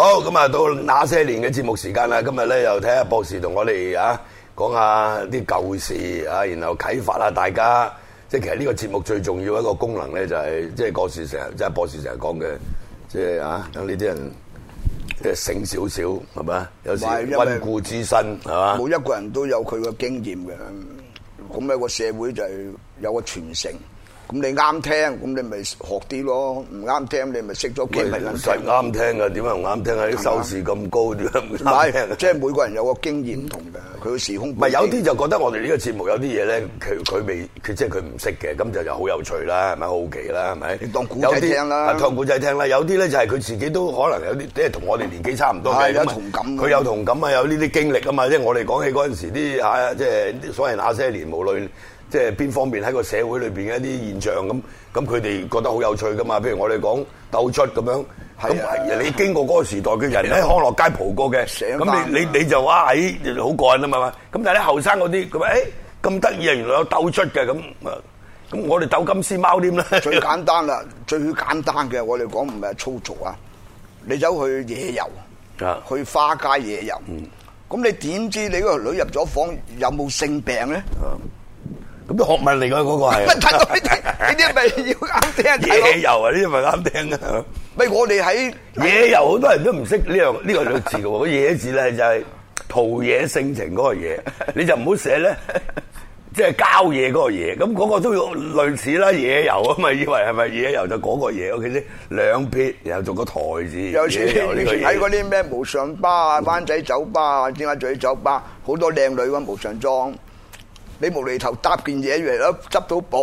好，咁啊，到那些年嘅節目時間啦，今日咧又睇下博士同我哋啊講下啲舊事啊，然後啟發下大家。即係其實呢個節目最重要的一個功能咧，就係，就係即係博士成日即係博士成日講嘅，即係啊，等呢啲人即係醒少少係咪啊？有時温故知新係嘛。每一個人都有佢嘅經驗嘅，咁有個社會就係有個傳承。咁你啱聽，咁你咪學啲咯；唔啱聽，你咪識咗幾咪啦。實啱聽啊！點解唔啱聽啊？啲收視咁高，點即係每個人有個經驗唔同嘅。佢個時空唔係，有啲就覺得我哋呢個節目有啲嘢咧，佢佢未，佢即係佢唔識嘅，咁就就好有趣啦，係咪好奇啦，係咪？你當古仔聽啦，當古仔聽啦。有啲咧就係佢自己都可能有啲即係同我哋年紀差唔多係有同感。佢有同感啊，有呢啲經歷啊嘛，即係我哋講起嗰陣時啲啊，即係所謂那些年，無論。即係邊方面喺個社會裏邊嘅一啲現象咁，咁佢哋覺得好有趣噶嘛？譬如我哋講鬥出咁樣，咁你經過嗰個時代嘅人喺康樂街蒲過嘅，咁你你你就話誒好過癮啊嘛？咁但係咧後生嗰啲咁啊，誒咁得意啊，原來有鬥出嘅咁啊，咁我哋鬥金絲貓點咧？最簡單啦，最簡單嘅我哋講唔係粗俗啊，你走去野遊啊，去花街野遊，咁你點知你個女入咗房有冇性病咧？咁啲學問嚟㗎嗰個係，呢啲咪要啱聽？野遊啊，呢啲咪啱聽啊？喂，咪我哋喺野遊，好多人都唔識呢樣呢個字嘅喎。個野字咧就係陶冶性情嗰個野，你就唔好寫咧，即係郊野嗰個野。咁嗰個都用類似啦，野遊啊嘛，以為係咪野遊就嗰個野嘅先兩撇，然後做個台字。有時啲睇嗰啲咩無上巴啊、灣仔酒吧啊、尖沙咀酒吧，好多靚女揾無上裝。你無厘頭搭件嘢嚟，一執到寶，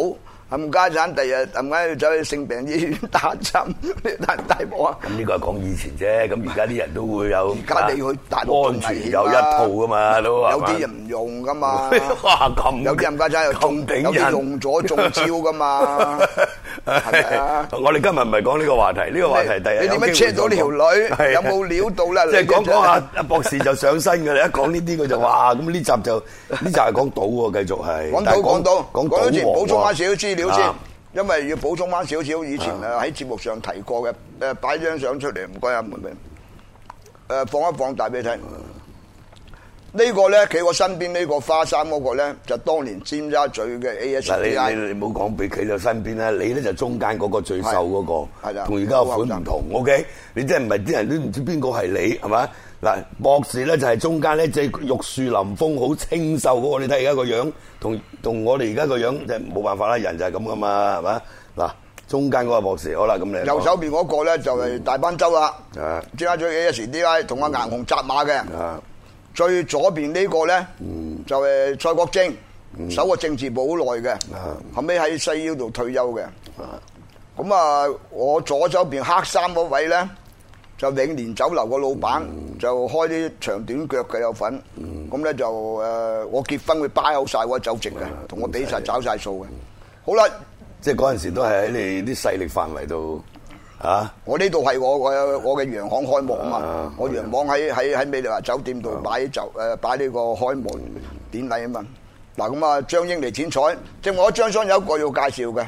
冚家產，第日冚家要走去性病醫院打針，打大波啊！咁呢個係講以前啫，咁而家啲人都會有。而家你去，到安全有一套噶嘛，都有啲人唔用噶嘛。哇！咁有啲冚家產又痛鼎有啲用咗中招噶嘛。我哋今日唔係講呢個話題，呢個話題第一有驚到我。你點樣車到呢條女？有冇料到啦？即係講講下，阿博士就上身㗎啦。一講呢啲，佢就話，咁呢集就呢集係講賭喎，繼續係。講賭講賭，講講之前補充翻少少資料先，因為要補充翻少少以前喺節目上提過嘅，誒擺張相出嚟，唔該阿門，誒放一放大俾你睇。你你這個呢個咧，企我身邊呢、這個花衫嗰個咧，就是、當年尖沙咀嘅 A S D I。你唔好講，俾企咗身邊啦。你咧就是、中間嗰、那個最瘦嗰、那個，係啦的，同而家款唔同，OK 你是是。你真係唔係啲人都唔知邊個係你係咪？嗱，博士咧就係中間咧，即、就是、玉樹臨風，好清秀嗰、那個。你睇而家個樣，同同我哋而家個樣，即係冇辦法啦，人就係咁噶嘛，係咪？嗱，中間嗰個博士，好啦，咁你右手邊嗰個咧就係大班洲啦，的的尖沙咀 A S D I，同阿顏紅紮馬嘅。最左邊呢個咧，就係蔡國晶，守個政治部好耐嘅，後尾喺西腰度退休嘅。咁啊，我左手邊黑衫嗰位咧，就永年酒樓個老闆，就開啲長短腳嘅有份。咁咧就誒，我結婚會擺好晒個酒席嘅，同我俾晒找晒數嘅。好啦，即係嗰陣時都係喺你啲勢力範圍度。啊！我呢度係我嘅、我嘅洋行開幕啊嘛！我洋行喺喺喺美麗華酒店度擺酒誒、擺呢個開幕典禮啊嘛！嗱，咁啊，張英嚟剪彩，正我張相有一個要介紹嘅，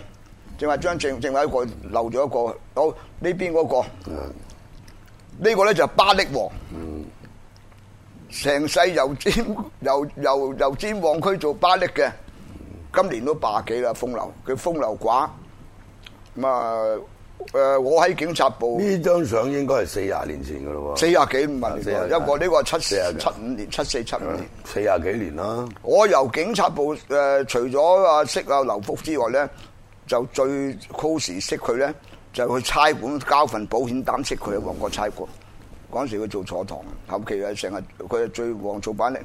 正話張正，正話一個漏咗一個，好呢邊嗰個呢個咧就巴力王，成世由尖由由由尖旺區做巴力嘅，今年都八幾啦風流，佢風流寡咁啊！誒、啊，我喺警察部。呢張相應該係四廿年前嘅咯喎。四廿、um、幾唔係，因為呢個七七五 40 幾 年，七四七五年。四廿幾年啦。我由警察部誒、呃，除咗啊識啊劉福之外咧，就最 cos 識佢咧，就去差館交份保險單識佢喺旺角差館。嗰陣時佢做坐堂，後期啊成日佢係最旺做板嚟，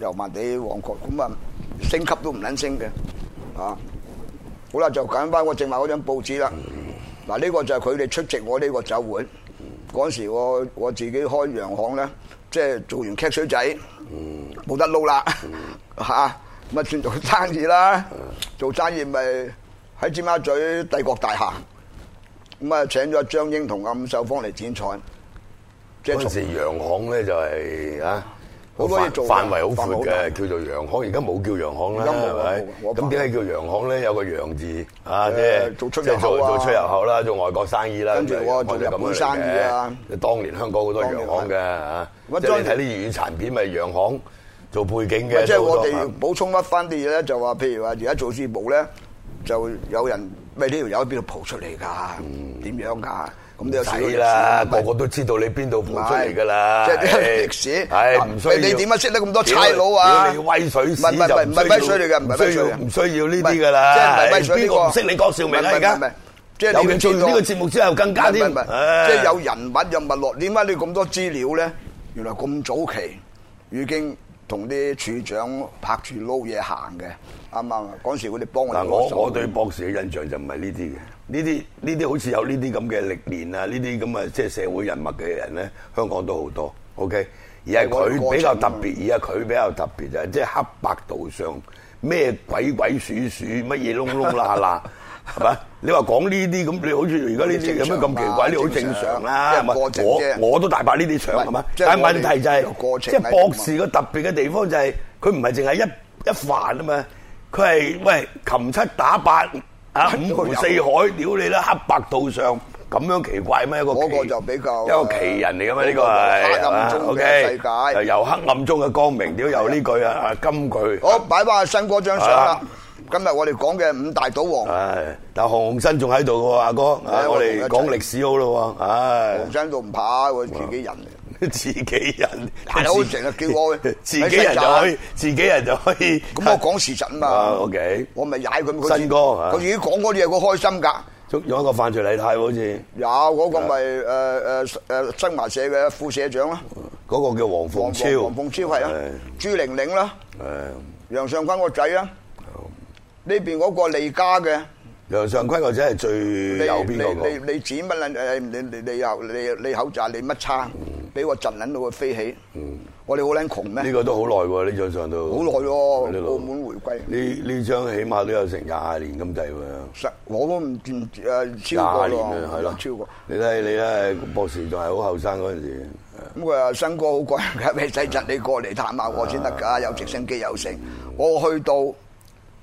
由慢啲旺角咁啊，升級都唔撚升嘅啊。好啦，就講翻我正話嗰張報紙啦。嗯嗱，呢個就係佢哋出席我呢個酒會嗰、嗯、時我，我我自己開洋行咧，即係做完吸水仔，冇、嗯、得撈啦吓，咁啊算做生意啦，做生意咪喺尖沙咀帝國大廈，咁啊、嗯、請咗張英同阿伍秀芳嚟剪彩。嗰陣、嗯、時洋行咧就係、是、啊～好多嘢做，範圍好闊嘅，叫做洋行。而家冇叫洋行啦，係咪？咁點解叫洋行咧？有個洋字，啊，即係即係做做出入口啦，做外國生意啦，跟住我做日本生意啦。當年香港好多洋行嘅嚇，即係你睇啲粵語殘片，咪洋行做背景嘅。即係我哋補充乜翻啲嘢咧，就話譬如話而家做書報咧，就有人咪呢條友喺邊度蒲出嚟㗎？點樣㗎？咁你睇啦！個個都知道你邊度付出嚟噶啦，歷史，係唔需要。你點解識得咁多差佬啊？你要威水史就唔需要。唔需要呢啲噶啦，邊個唔識你郭兆明嚟噶？即係你做完呢個節目之後更加啲，即係有人物有脈絡，點解你咁多資料咧？原來咁早期已經。同啲處長拍住撈嘢行嘅，啱唔啱？嗰時佢哋幫我。嗱，我我對博士嘅印象就唔係呢啲嘅。呢啲呢啲好似有呢啲咁嘅歷練啊，呢啲咁嘅即係社會人物嘅人咧，香港都好多。OK，而係佢比較特別，而係佢比較特別就係即係黑白道上咩鬼鬼祟祟乜嘢窿窿啦啦。係嘛？你話講呢啲咁，你好似而家呢啲有咩咁奇怪？呢好正常啦。即係過程。我我都大把呢啲相係嘛？但係問題就係。即係博士個特別嘅地方就係佢唔係淨係一一帆啊嘛，佢係喂擒七打八啊五湖四海，屌你啦，黑白道上咁樣奇怪咩一個奇？一個奇人嚟㗎嘛呢個係。黑暗中嘅世界。由黑暗中嘅光明，屌又呢句啊啊金句。好，擺翻阿新哥張相啦。今日我哋講嘅五大賭王，但係鴻燊仲喺度嘅喎，阿哥，我哋講歷史好咯，鴻燊都唔怕，佢自己人，自己人，大佬成日叫我，自己人就可以，自己人就可以，咁我講事實嘛，OK，我咪踩佢，新哥，佢自己講嗰啲嘢，佢開心噶，仲有一個犯罪例太好似，有嗰個咪誒誒誒新華社嘅副社長啦，嗰個叫王鳳超，王鳳超係啊，朱玲玲啦，楊尚昆個仔啊。呢邊嗰個利家嘅梁尚君或者係最右邊嗰個。你你你你剪乜捻？誒，你你你又你你口罩你乜叉？俾個陣捻到佢飛起。嗯，我哋好捻窮咩？呢個都好耐喎，呢張相都好耐喎，澳門回歸。呢呢張起碼都有成廿年咁滯喎。十我都唔斷誒超過咯。廿年啊，係咯，超過。你睇你咧，博士仲係好後生嗰陣時。咁啊，新哥好貴，咩世侄你過嚟探下我先得噶，有直升機有成。我去到。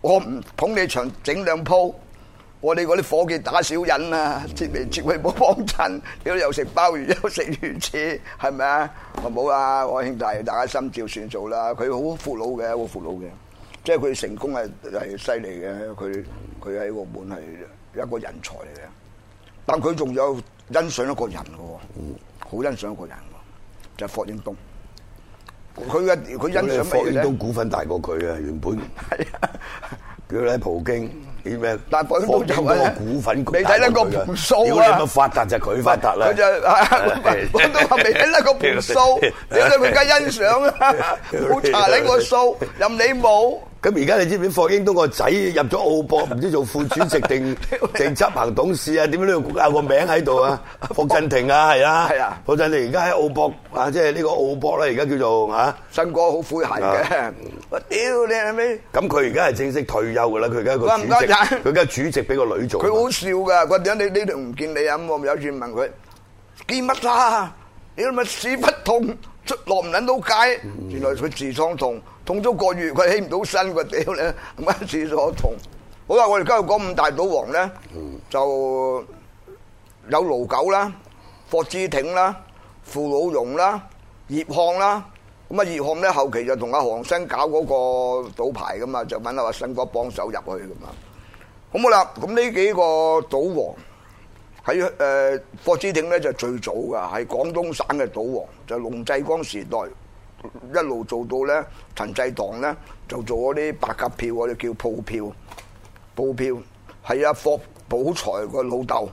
我唔捧你場整兩鋪，我哋嗰啲伙計打小人啊，出面出位冇幫襯你又食鮑魚，又食魚翅，係咪啊？唔好啦，我兄弟大家心照算做啦。佢好闊佬嘅，好闊佬嘅，即係佢成功係係犀利嘅，佢佢喺澳門係一個人才嚟嘅。但佢仲有欣賞一個人嘅喎，好欣賞一個人嘅，就係霍英東。佢嘅佢欣賞霍英東股份大過佢啊！原本，佢喺葡京啲咩？ 麼但霍英東，都股份，你睇得個盤數啊！要你咁發達就佢發達啦！佢就啊，霍英 都話未睇得個盤數， 你睇得佢咁欣賞啊？好 查你個數，任你冇。咁而家你知唔知霍英東個仔入咗澳博，唔知做副主席定定執行董事啊？點解呢度有個名喺度啊？霍震霆啊，係啊，係啊，霍震霆而家喺澳博啊，即係呢個澳博啦，而家叫做啊，新哥好悔恨嘅，我屌你係咪？咁佢而家係正式退休㗎啦，佢而家佢而家主席俾個女做，佢好笑㗎，佢點解你呢度唔見你啊？我有次問佢，見乜啦？你咪屎不痛。出落唔捻到街，原來佢痔瘡痛，痛咗個月，佢起唔到身，個屌咧，咁啊痔瘡痛。好啦，我哋今日講五大賭王咧，就有盧九啦、霍志挺啦、傅老榕啦、葉漢啦。咁啊葉漢咧，後期就同阿韓生搞嗰個賭牌噶嘛，就揾阿阿新哥幫手入去噶嘛。好冇啦，咁呢幾個賭王。喺誒霍之挺咧就最早噶，係廣東省嘅賭王，就是、龍濟光時代一路做到咧，陳濟棠咧就做嗰啲白鴿票，我哋叫鋪票，鋪票係阿霍寶財個老豆。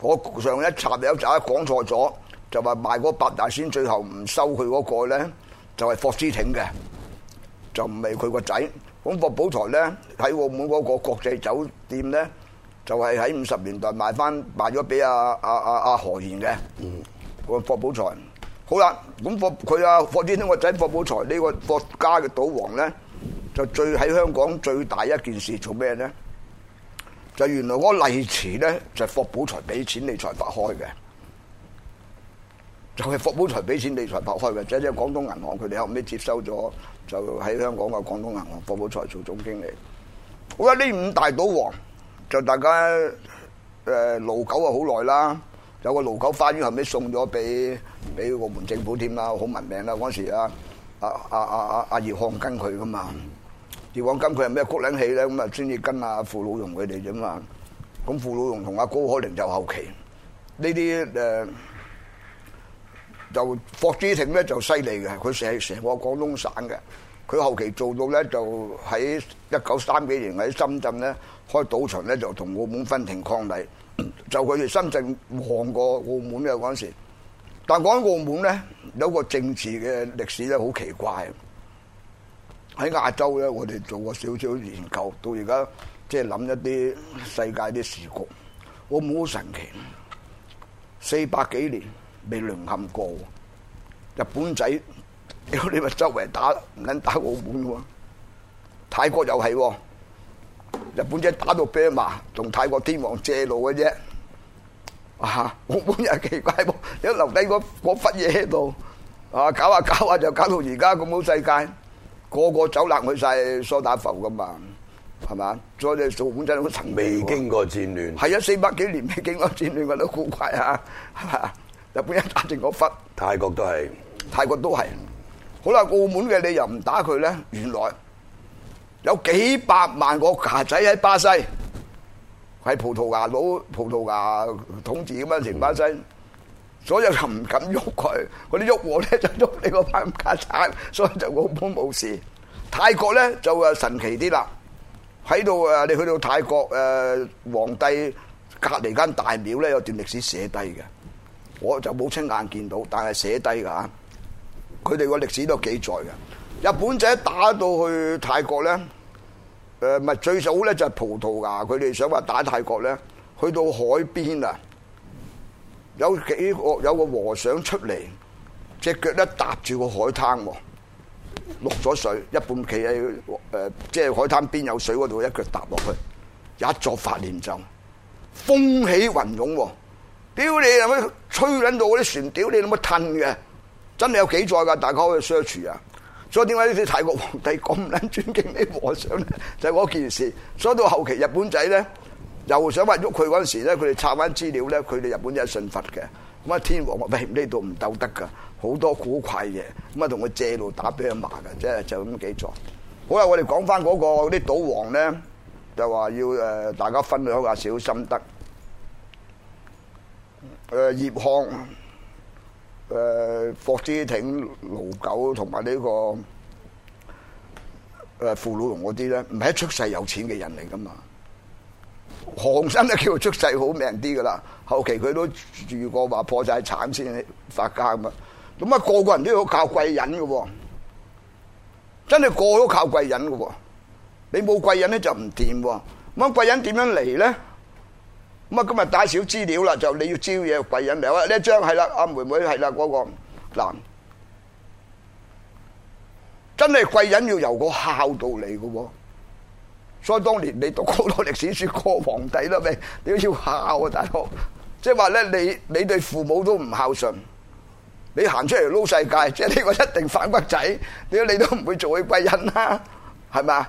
我上一插有一集講錯咗，就話賣嗰八大仙最後唔收佢嗰、那個咧，就係、是、霍之挺嘅，就唔係佢個仔。咁霍寶財咧喺澳門嗰個國際酒店咧。就係喺五十年代賣翻賣咗俾阿阿阿阿何賢嘅，個、嗯、霍寶財，好啦，咁霍佢阿、啊、霍天、啊，聰個仔霍寶財呢個霍家嘅賭王咧，就最喺香港最大一件事做咩咧？就原來嗰個麗池咧，就是、霍寶財俾錢李裁法開嘅，就係、是、霍寶財俾錢李裁法開嘅，即、就、係、是、廣東銀行佢哋後尾接收咗，就喺香港嘅廣東銀行霍寶財做總經理。好啦呢五大賭王。就大家誒勞九啊好耐啦，有個勞九花園後尾送咗俾俾澳門政府添啦，好聞名啦嗰時啊，阿阿阿阿阿葉漢跟佢噶嘛，葉漢跟佢係咩骨領起咧？咁啊先至跟阿傅老榕佢哋啫嘛。咁傅老榕同阿高海寧就後期呢啲誒，就霍之庭咧就犀利嘅，佢成成個廣東省嘅，佢後期做到咧就喺一九三幾年喺深圳咧。開賭場咧就同澳門分庭抗禮，就佢哋深圳旺過澳門嘅，嗰陣時。但講澳門咧，有個政治嘅歷史咧好奇怪。喺亞洲咧，我哋做過少少研究，到而家即係諗一啲世界啲時局，澳門好神奇，四百幾年未淪陷過。日本仔，你話周圍打唔撚打澳門嘅喎，泰國又係喎。日本仔打到俾埋，同泰國天王借路嘅啫。啊，我本人奇怪喎，你留低嗰嗰忽嘢喺度，啊搞下搞下就搞到而家咁好世界，個個走爛去曬梳打浮噶嘛，係嘛？再做本仔好神奇。未經過戰亂，係啊，四百幾年未經過戰亂我都古怪啊！日本仔打住嗰忽，泰國都係，泰國都係。好啦，澳門嘅你又唔打佢咧，原來。有幾百萬個客仔喺巴西，喺葡萄牙攞葡萄牙統治咁樣成巴西，所以就唔敢喐佢。嗰啲喐我咧就喐你嗰班家產，所以就澳門冇事。泰國咧就誒神奇啲啦，喺度誒你去到泰國誒皇帝隔離間大廟咧有段歷史寫低嘅，我就冇親眼見到，但係寫低噶嚇，佢哋個歷史都記載嘅。日本仔打到去泰國咧，誒，最早咧就係葡萄牙佢哋想話打泰國咧，去到海邊啊，有幾個有個和尚出嚟，隻腳咧踏住個海灘，落咗水，一半企喺誒，即係海灘邊有水嗰度，一腳踏落去，一作法念咒，風起雲湧，屌你，阿媽吹撚到嗰啲船，屌你，阿媽褪嘅，真係有記載噶，大家可以 search 啊！所以呢，點解啲泰國皇帝咁撚尊敬啲和尚咧？就係嗰件事。所以到後期日本仔咧，又想話喐佢嗰陣時咧，佢哋查翻資料咧，佢哋日本仔係信佛嘅。咁啊天皇話喂，呢度唔鬥得噶，好多古怪嘢。咁啊同佢借路打俾阿嫲嘅，即係就咁幾座。好啦，我哋講翻嗰個啲賭王咧，就話要誒大家分享下小心得。誒葉漢。誒、呃，霍芝庭、九這個呃、盧九同埋呢個誒傅老榕嗰啲咧，唔係出世有錢嘅人嚟噶嘛？何鴻燊都叫佢出世好命啲噶啦，後期佢都住過話破債產先發家咁啊！咁啊，個個人都要靠貴人噶、哦，真係個個都靠貴人噶、哦，你冇貴人咧就唔掂喎。咁貴人點樣嚟咧？咁啊，今日打少資料啦，就你要招嘢貴人嚟啦。呢張係啦，阿妹妹係啦，嗰、啊嗰個男，真係貴人要由個孝道嚟嘅喎。所以當年你讀好多歷史書，過皇帝啦咩？你都要孝啊，大佬。即係話咧，你你對父母都唔孝順，你行出嚟撈世界，即係呢個一定反骨仔。你都你都唔會做佢貴人啦、啊，係嘛？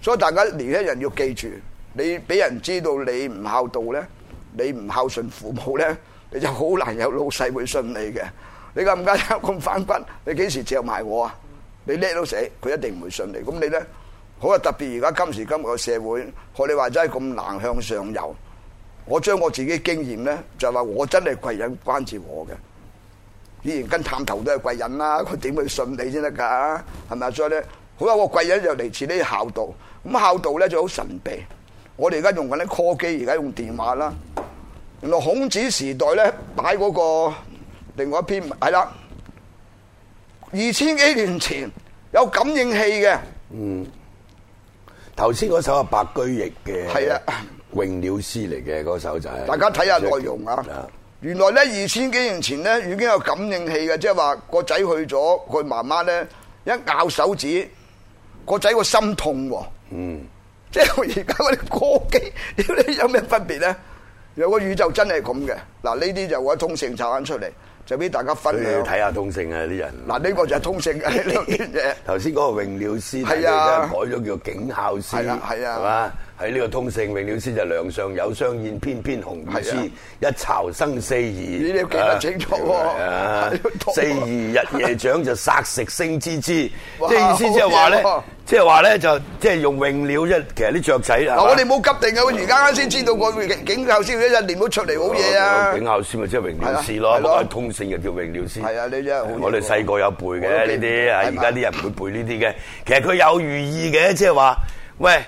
所以大家年輕人要記住。你俾人知道你唔孝道咧，你唔孝順父母咧，你就好難有老細會信你嘅。你咁家下咁反骨，你幾時着埋我啊？你叻到死，佢一定唔會信你。咁你咧，好啊！特別而家今時今日嘅社會，學你話齋咁難向上遊。我將我自己經驗咧，就係話我真係貴人關注我嘅。依然跟探頭都係貴人啦，佢點會信你先得㗎？係咪？所以咧，好呀，我貴人就嚟自呢啲孝道。咁孝道咧就好神秘。我哋而家用緊啲科技，而家用電話啦。原來孔子時代咧，擺嗰個另外一篇係啦，二千幾年前有感應器嘅。嗯。頭先嗰首係白居易嘅，係啊的，詠鳥詩嚟嘅，嗰首就係、是。大家睇下內容啊。嗯、原來咧，二千幾年前咧已經有感應器嘅，即係話個仔去咗，佢媽媽咧一咬手指，個仔個心痛。嗯。即係而家嗰啲科技，屌你有咩分別咧？如果宇宙真係咁嘅，嗱呢啲就我通勝拆翻出嚟，就俾大家分享。你要睇下通勝啊啲人。嗱呢個就係通勝嘅呢啲嘢。頭先嗰個榮料師，、啊、師，而家改咗叫警校師，係啊，係啊，係嘛、啊？喺呢個通勝，鶯鳥詩就「梁上有雙燕，翩翩雄與雌」，一巢生四兒。你哋記得清楚喎，四兒日夜長就索食聲孜孜。即係意思即係話咧，即係話咧就即係用鶯鳥一，其實啲雀仔啊。嗱，我哋冇急定嘅，好似而家啱先知道個警校師一一年冇出嚟好嘢啊。警校師咪即係鶯鳥詩咯，通勝就叫鶯鳥詩。係啊，你啊，我哋細個有背嘅呢啲啊，而家啲人唔會背呢啲嘅。其實佢有寓意嘅，即係話，喂。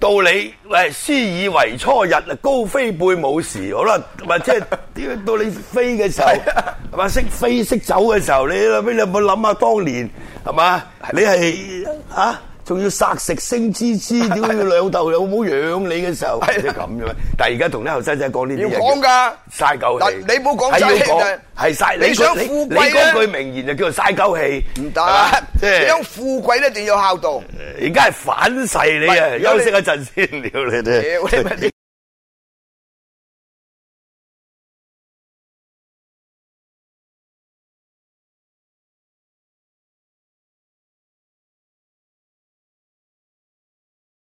到你誒，思以為初日啊，高飛背無時，好啦，或者即係點樣？到你飛嘅時候，係啊， 係嘛？識飛識走嘅時候，你想你有冇諗下當年係嘛？你係啊？仲要殺食星之資，屌你兩豆又冇養你嘅時候，係咁樣。但係而家同啲後生仔講呢啲嘢，要講噶，嘥狗氣。你冇講真係嘥。你想富貴，啊，你嗰句名言就叫做嘥狗氣。唔得行，想吧富貴一定要孝道。而家係反噬你啊！你休息一陣先，聊你哋。你